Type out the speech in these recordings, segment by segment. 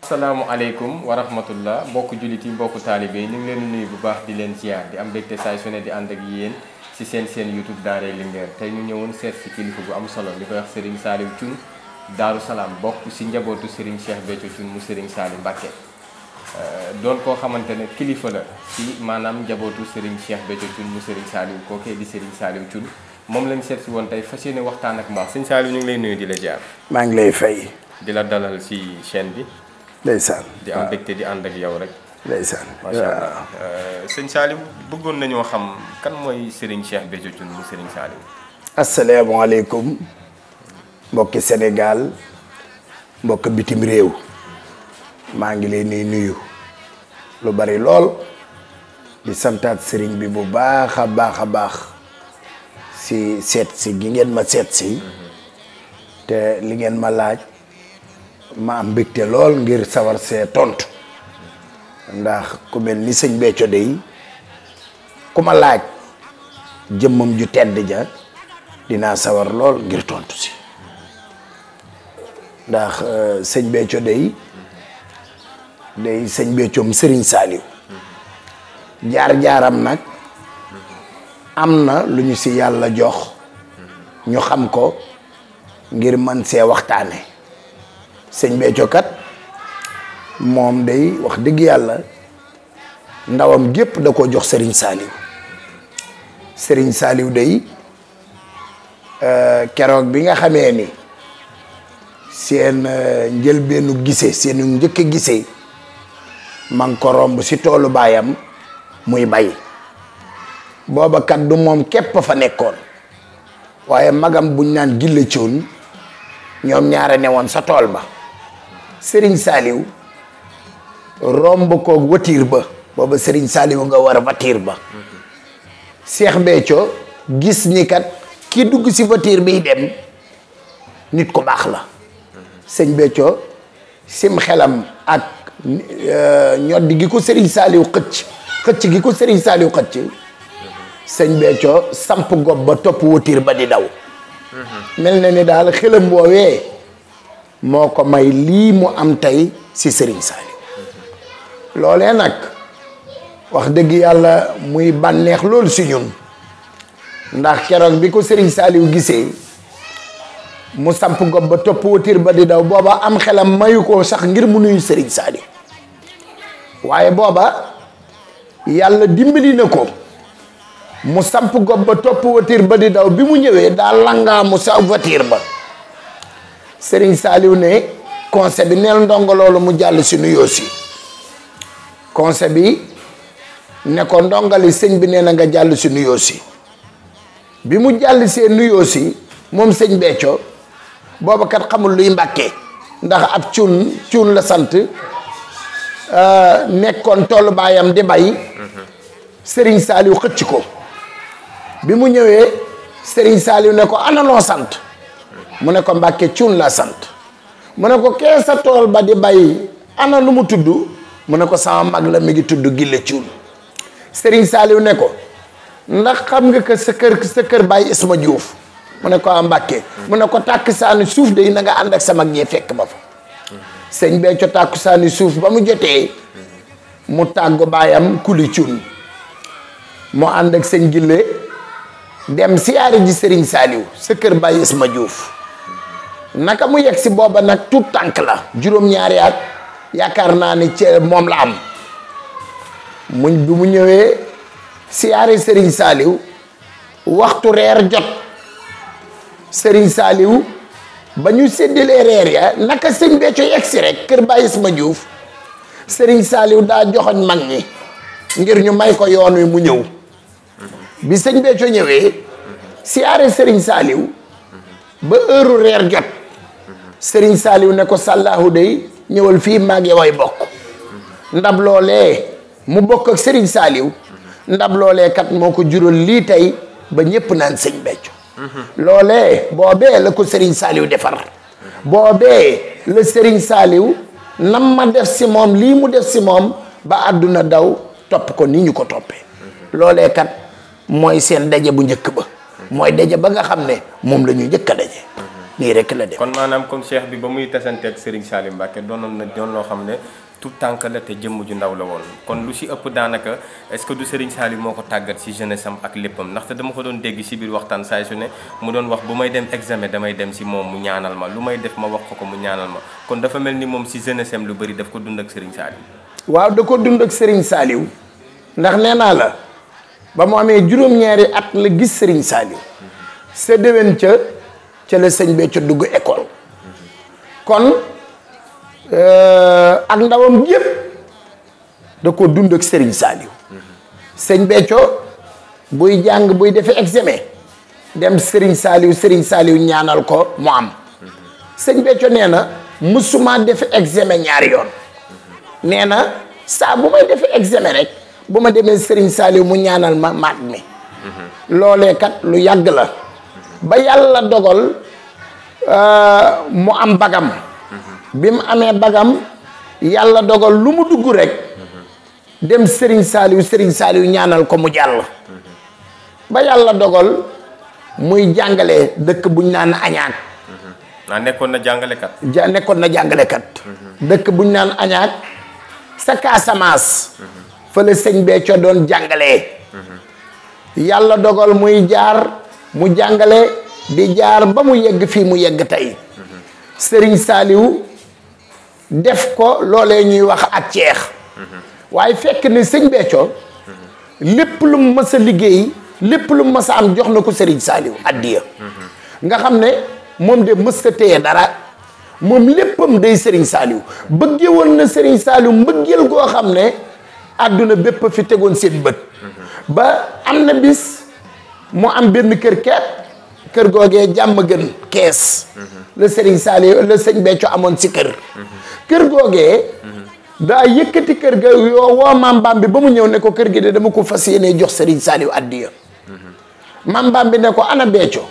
Assalamualaikum wa rahmatullah bokku jullit yi mbokk taalibe ñu ngi leen nuyu bu baax di leen ziar di am bekté say suné di and ak yeen ci seen seen youtube dari Linguère tay ñu si sét ci kilifa bu am solo li koy wax Serigne Salim Thioune Daru Salam bokku ci njabootu Serigne Cheikh Béthio Thioune mu Serigne Saliou Mbacké euh, doon ko xamantene kilifa la ci manam njabootu Serigne Cheikh mu Serigne di Serigne Salim Thioune Mom lañ sét ci won tay fas waxtaan ak mbax Serigne Salim ñu ngi nuyu di la ziar. ma ngi lay fay. di la dalal ci chaîne bi. ndeysaan di am di ànd ak yow rek. ndeysaan macha allah euh, sëñ Saliou bëggoon nañoo xam kan mooy Serigne Cheikh Béthio Thioune mu Serigne Saliou. asalaamaaleykum mbokki Sénégal mbokk bitim réew maa ngi leen di nuyu lu bari lool di santaat sëriñ bi bu baax a baax a baax si seet si gi ngeen ma seet si mm-hmm. te li ngeen ma laaj. ma am mbégte lool ngir sawar see tontu ndax ku mel ni sëñ Béthio dey ku ma laaj jëmmam ju tedd ja dinaa sawar lool ngir tontu si ndax euh, sëñ Béthio dey day sëñ Béthioom Serigne Saliou jaar-jaaram nag am na lu ñu si yàlla jox ñu xam ko ngir mën see waxtaane sëñ Béthio kat mom day wax deug yalla ndawam gep da ko jox Serigne saliw Serigne saliw day euh, kérok bi nga xamé ni seen euh, ngeel gise gisé njëkk ñëk gise mang ko romb ci tolu bayam muy bay boba kat du mom képp fa nekkoon waaye magam buñ nane gilé coon ñoom ñaara néwon sa tol ba sëriñ Saliou romb ko watiir ba booba sëriñ Saliou nga war a watiir ba Cheikh Béthio gis ni kat kii dugg si watiir biy dem nit ku baax la sëñ Béthio sim xelam ak euh, ñoddi gi ko sëriñ Saliou xëcc xëcc gi ko sëriñ saaliw xëcc sëñ Béthio samp gob ba topp watiir ba di daw mhm. mel na ni daal xelam woowee moo ko may lii mu am tey si Serigne Saliou loolee nag wax dëgg yàlla muy bànneex loolu si ñun ndax keroog bi ko Serigne Saliou gisee mu samp gob ba topp watir ba di daw booba am xelam mayu ko sax ngir mu nuyu Serigne Saliou waaye booba yàlla dimbali na ko mu samp gob ba topp watir ba di daw bi mu ñëwee daa langaa mu sa watir ba Serigne Saliou ne conseil bi neel ndongo loolu mu jàll si nuyoo si conseil bi ne ko ndongali sëñ bi nee na nga jàll si nuyoo si bi mu jàll see nuyoo si moom sëñ Béthio booba kat xamul luy mbàkke ndax ab cuun cuun la sant euh, nekkoon toolu baayam di bay Serigne Saliou xëcc ko bi mu ñëwee Serigne Saliou ne ko ana sant mu ne ko mbàkke cuun la sant mu ne ko kee sa tool ba di bay ana lu mu tudd mu ne ko sama mag la mi ngi tudd gille cuun Serigne saliw ne ko ndax xam nga ke sa kër sa kër bàyyi Isma Diouf mu ne ko a mune mu ne ko tàkk saani suuf de na nga ànd ak sama mag ñee fekk ma fa sëñ Béthio tàkku saani suuf ba mu jotee mu tàggu bayam kuli cuun mu ànd ak serigne gille dem siari ji Serigne saliw sa kër bàyyi Isma Diouf naka mu yegg si booba nag tout tank la jurom ñaari at yakarna ni ci mom la am muñ bi mu ñëwé siaré Serigne saliw waxtu reer jot Serigne saliw bañu sédélé séddalee ya naka ya, sëñ Béthio yegg rek kër Baye Isma Diouf Serigne saliw da joxoñ mag ni ngir ñu may ko yoon wi mu ñëw bi sëñ Béthio ñëwé siaré Serigne saliw ba heure jot sëriñ saaliw ne ko sàllaahu day ñëwal fii maag yow ay bokk ndab loole mu bokk ak sëriñ saaliw ndab loolee kat moo ko jural lii tey ba ñépp naan sëñ becco loolee boobee la ko sëriñ saaliw defar boobee la sëriñ saaliw nam ma def si moom lii mu def si moom ba àdduna daw topp ko ni ñu ko toppee loolee kat mooy seen daje bu njëkk ba mooy daje ba nga xam ne moom la ñu njëkk a daje nii rek kon maanaam comme cheikh bi ba muy tasanteeg Serigne Salim Mbacke doonoon na doon loo xam ne tout tànk la te jëmm ju ndaw la woon kon lu si ëpp daanaka est-ce que du Serigne Salim moo ko tàggat si jeunesse am ak léppam te dama ko doon dégg si biir waxtaan saay su ne mu doon wax bu may dem examen damay dem si moom mu ñaanal ma lu may def ma wax ko ko mu ñaanal ma kon dafa mel ni moom si jeunesse am lu bari daf ko dund ak Serigne Salim. waaw da ko dund ak Serigne Salim ndax nee naa la ba mu amee juróom-ñaari at la gis Serigne Salim sa ca la sëñ bee dugg école kon euh, ak ndawam yëpp da ko dund ak Serigne Saliou sëñ Béthio buy jàng buy defee examen dem Serigne Saliou Serigne Saliou ñaanal ko mu am sëñ Béthio nee na musuma defe examen ñaari yoon nee na saa bu may defee examen rek bu ma demee Serigne Saliou mu ñaanal ma maat mi loolee lu yàgg la ba yàlla dogal euh, mu am bagam bi mu amee bagam yàlla dogal lu mu dugg rek dem Serigne Saliou Serigne Saliou ñaanal ko mu jàll ba yàlla dogal muy jàngale dëkk buñ naan añaak naa nekkoon na jàngalekat nekkoon na jàngalekat dëkk buñ naan añaak sa Casamance fa la sëñ Béthio doon jàngale yàlla dogal muy jaar mu jàngale di jaar ba mu yegg fii mu yegg tey sëriñ saaliw def ko loole ñuy wax ak ceex waaye fekk ni sëñ Béthio lépp lu mu mës a liggéey lépp lu mu mës am jox na ko sëriñ saaliw addiya nga xam ne moom de mës a téye dara moom léppam day sëriñ saaliw bëggee woon na sëriñ saaliwu mbëggeel goo xam ne àdduna bépp fi tegoon seen bët ba am na bis mu am benn kër kër kër goge jàmm gën kess le serigne Saliou le sikir, Béthio amoon ci kër kër goge da yëkëti kër ga yo woo mam bam bi bamu ñëw ne ko kër gi de dama ko fasiyene jox sëriñ Saliou addiya bam Bambi ne ko ana Béthio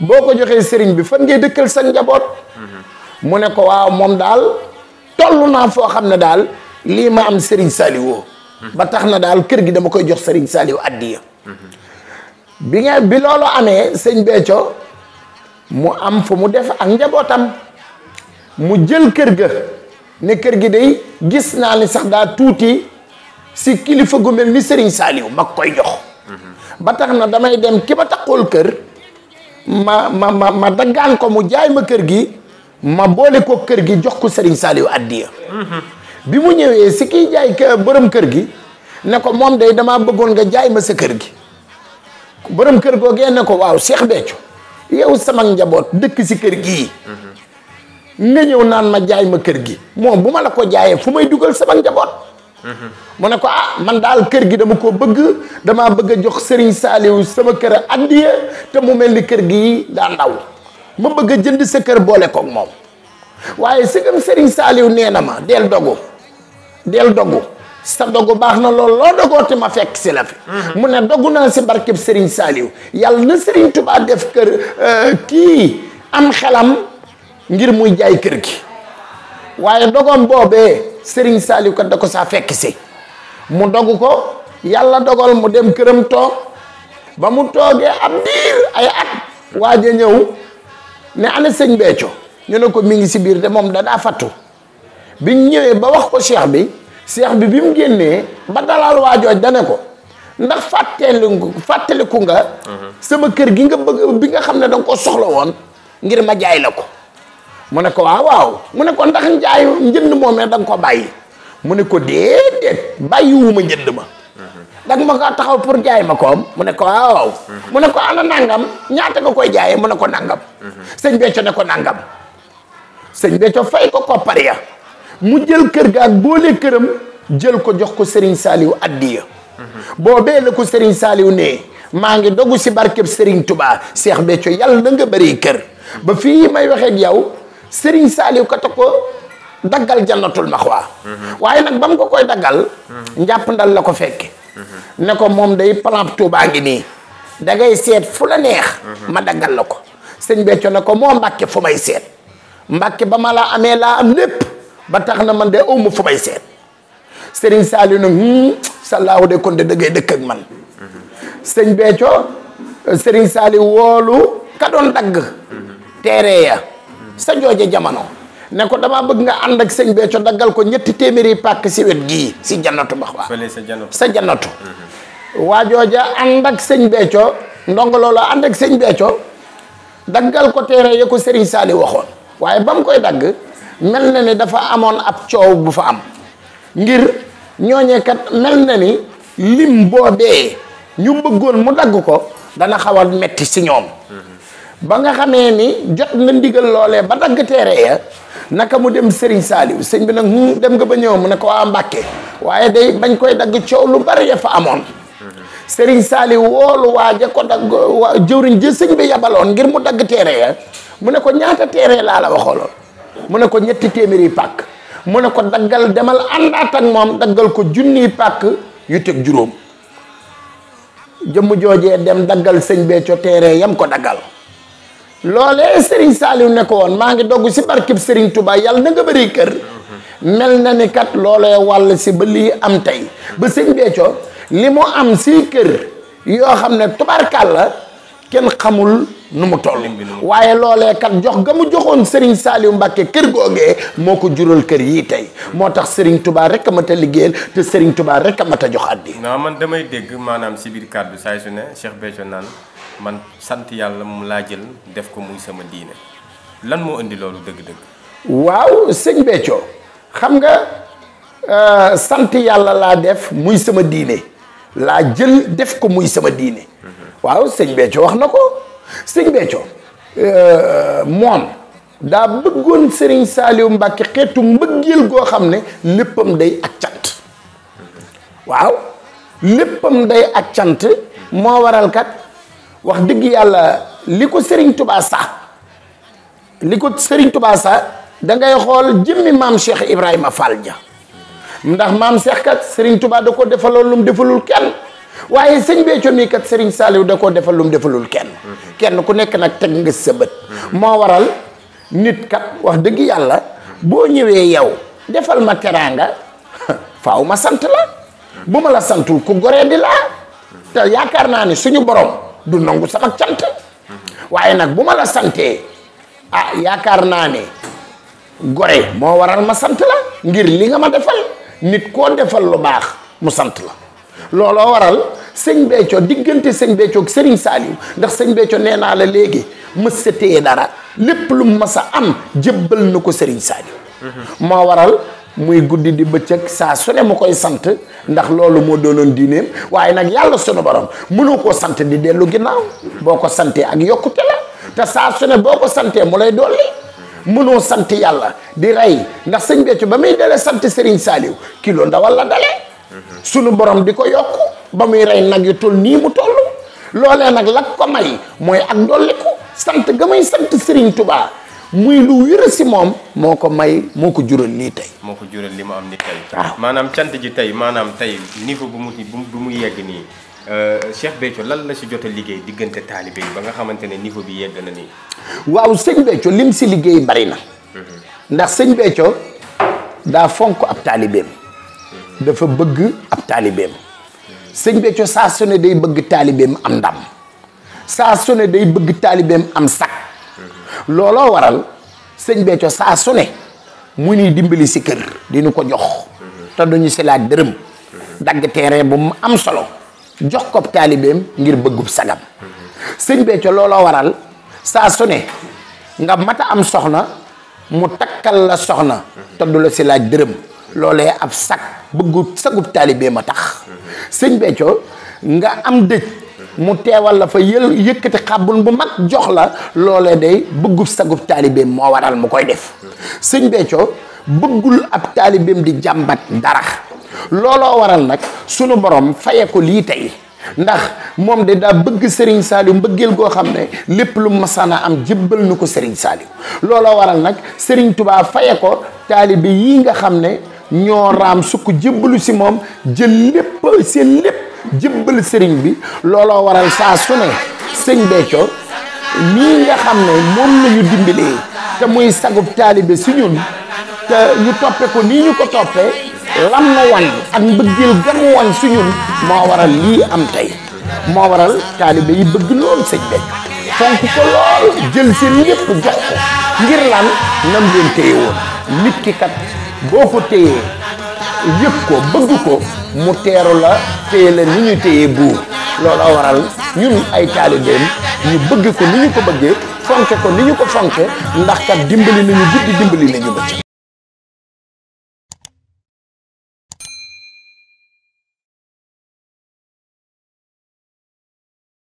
boko ko serigne bi fan ngay dekkal sa njabot mu ne ko waaw mom dal tollu na fo xamne dal li ma am sëriñ Saliou ba taxna dal kër gi dama koy jox addiya bi nga bi loolu amee sëñ Béthio mu am fa mu def ak njabootam mu jël kër ga ne kër gi day gis naa ni sax daa tuuti si kilifa gu mel ni Serigne saaliw mag koy jox mhm. ba tax na damay dem ki ma taxool kër ma ma ma ma daggaan ko mu jaay ma kër gi ma boole ko kër gi jox ko Serigne saaliw addiya mhm. bi mu ñëwee si kiy jaay borom kër gi ne ko moom day damaa bëggoon nga jaay ma sa kër gi borom kër googee ne ko waaw Cheikh Béthio yow sama njaboot dëkk si kër gii nga ñëw naan ma jaay ma kër gi moom bu ma la ko jaayee fu may dugal sama njaboot mu ne ko ah man daal kër gi dama koo bëgg damaa bëgg a jox Serigne Saliou sama kër a addiya te mu mel ni kër gi daa ndaw ma bëgg a jënd sa kër boole kook moom waaye sëgam Serigne Saliou nee na ma del dogu del dogu sa dogu baax na lool loo dogooti ma fekk si la fi mhm. mu ne dogu naa si barkeb Serigne Saliou yàlla na Serigne Touba def kër euh, kii am xelam ngir muy jaay kër gi waaye dogoom boobee Serigne Saliou kat da ko saa fekk si mu dogu ko yàlla dogal mu dem këram toog ba mu toogee ab diir ay at waaj ñëw ne ana sëñ Béthio ñu ne ko mi ngi si biir de moom da daa fattu biñ ñëwee ba wax ko cheikh bi cheikh bi bimu genné ba dalal wajjo jooj ko ndax fatel fàtteliku nga sama kër gi nga bëgg bi nga xamné dang ko soxla won ngir ma jaay la ko mu ne ko waaw ah, waaw mu ne ko ndax jaay njënd momé dang ko bayyi mu ne ko déedéet bayyi wu ma njënd ma dag ma ko taxaw pour jaay ma ko mu ne ko waaw mu ne ko ana nangam ñaata nga koy jaay mu ne ko nangam señ Bécco ne ko nangam señ Bécco fay ko koppar ya mu jël kër ga ak boole këram jël ko jox ko Serigne Saliou addiya boobee la ko Serigne Saliou ne maa ngi dogu si barkeb Serigne Touba Cheikh Béthio yàlla na nga bëri kër ba fii may waxee ak yow Serigne Saliou kat ko daggal jannatul maxwa waaye nag ba mu ko koy daggal njàpp ndal la ko fekke ne ko moom day plan Touba ngi nii da ngay seet fu la neex ma daggal la ko sëñ Béthio ne ko moo Mbàkke fu may seet Mbàkke ba ma la amee laa am lépp ba tax na man de aw ma fu may seet Serigne Saliou nag hmm, sallaahu de kon de dëggee dëkk ak man sëñ Béthio Serigne Saliou woolu ka doon dagg teere ya sa jooje jamono ne ko damaa bëgg nga ànd ak sëñ Béthio daggal ko ñetti téeméeri pàkk si wet si jannatu mbax waa sa jannatu waa jooja ànd ak sëñ Béthio ndongo loola ànd ak sëñ daggal ko teere ya ko Serigne saali waxoon waaye ba mu koy dagg melne ni dafa amone ab ciow bu fa am ngir ñoñe kat melne ni lim boobee ñu bëggoon mu dagg ko dana xawal metti ci ñom ba nga xamé ni jot na ndigal lolé ba dagg téré ya naka mu dem serigne saliw serigne bi nak mu dem nga ba ñew mu nak wa mbacké mbàkke day bañ koy dagg ciow lu bari ya fa amoon sëriñ wolu woolu waaja ko dagg waa je serigne bi yabalon ngir mu dagg téré ya mu ne ko ñaata téré la la mu ne ko ñetti téeméeri pàkk mu ne ko daggal demal àndaat moom daggal ko junni pàkk yu teg juróom jëmm joojee dem daggal sëñ Béthio teere yam ko daggal loolee sëriñ Saliou ne ko woon maa ngi dogg si barkib sëriñ Touba yàlla na nga bari kër mel na ni kat loolee wàll si ba lii am tey ba sëñ Béthio li mu am si kër yoo xam ne tubarkàl la kenn xamul nu mu toll waaye loolee kat jox nga mu joxoon Serigne Saliou Mbacke kër googee moo ko jural kër yii tey moo tax Serigne tubaar rek a mat a liggéeyal te Serigne Touba rek a mat a jox addi man damay dégg maanaam si biir kàddu saay su ne man sant yàlla mu laa jël def ko muy sama diine lan moo indi loolu dëgg-dëgg xam nga euh, sant yàlla laa def muy sama diine laa jël def ko muy sama diine mhm. waaw sëñ Béthio wax na ko sëñ Béthio euh, moom daa bëggoon Serigne Saliou Mbacke xeetu mbëggeel goo xam ne léppam day ak cant waaw léppam day ak cant moo waral kat wax dëgg yàlla li ko sëriñ Touba sax li ko Serigne Touba sax da xool jëmmi maam Cheikh Ibrahima Fall ja ndax maam Cheikh kat Serigne Touba da ko defaloon lu mu defalul kenn. waaye sëñ Béthio mii kat Serigne Saliou da koo defal lu mu defalul kenn. kenn ku nekk nag teg nga sa bët. moo waral nit kat wax dëgg yàlla boo ñëwee yow defal ma teraanga faaw ma sant la bu ma la santul ku goree di te yaakaar naa ni suñu borom du nangu sama cant. waaye nag bu ma la santee ah yaakaar naa ne gore moo waral ma sant la ngir li nga ma defal nit koo defal lu baax mu sant la. looloo waral sëñ Béthio diggante sëñ Béthio ak Serigne Saliou ndax sëñ Béthio nee naa la léegi mës a téye dara lépp lu mës a am jëbbal na ko Serigne Saliou. Mhm. moo waral muy guddi di bëccëg saa su ne mu koy sant ndax loolu moo doonoon diineem waaye nag yàlla sunu borom mënoo koo sant di dellu ginnaaw boo ko santee ak yokkute la te saa su ne boo ko santee mu lay dolli. mënoo sant yàlla di rey ndax sëñ Béthio ba muy dalee sant Serigne Saliou kilo ndawal la dalee. sunu borom di ko yokk ba muy rey nag yu toll nii mu toll loolee nag la ko may mooy ak dolliku sant ga may sant Serigne Touba muy lu wér si moom moo ko may moo ko juróon nii tey. moo ko juróon li mu am ni tey. maanaam cant ji tey maanaam tey niveau bu mu mu yegg nii. Euh, Cheikh Béthio lan la si jot liggéey diggante taalibe yi ba nga xamante ne niveau bi yegg na nii. waaw sëñ Béthio lim si liggéey bari na. Mhm. ndax sëñ Béthio daa fonk ab taalibeem. dafa bëgg ab taalibeem sëñ Béthio saa su day bëgg taalibeem am ndam saa su day bëgg taalibeem am sac looloo waral sëñ Béthio saa su mu ni dimbali si kër dinu ko jox te duñu si laaj dërëm dagg tere bu mu am solo jox ko taalibeem ngir bëggu sagam sëñ Béthio looloo waral saa su ne nga mata am soxna mu takkal la soxna te la si laaj dërëm loolee ab sac bëggu sagub taalibee ma tax sëñ Béthio nga am dëj mu teewal la fa yël yëkkati xabul bu mag jox la loolee day bëggub sagub taalibee moo waral mu koy def sëñ Béthio bëggul ab taalibeem di jàmbat dara looloo waral nag sunu borom faye ko lii tey ndax moom de daa bëgg Serigne Saliou mbëggeel goo xam ne lépp lu masaana am jébbal nu ko sëriñ Saliou looloo waral nag Serigne Touba faye ko taalibe yii nga xam ne ñoo raam sukk jébbalu si moom jël lépp seen lépp jébbal sëriñ bi looloo waral saa su ne sëñ Béthio nii nga xam ne moom la ñu dimbalee te muy sagub taalibe si te ñu toppe ko nii ñu ko toppee lam na wan ak mbëggeel gamu wan si moo waral lii am tey moo waral taalibe yi bëgg lool sëñ Béthio fonk ko lool jël seen lépp jox ko ngir lan nam leen téye woon nit boo ko téyee yëg ko bëgg ko mu teeru la téye la ni ñu téyee buur loolu la waral ñun ay taalibeem ñu bëgg ko ni ñu ko bëggee fonke ko ni ñu ko fonke ndax kat dimbali nañu guddi dimbali nañu bëccëg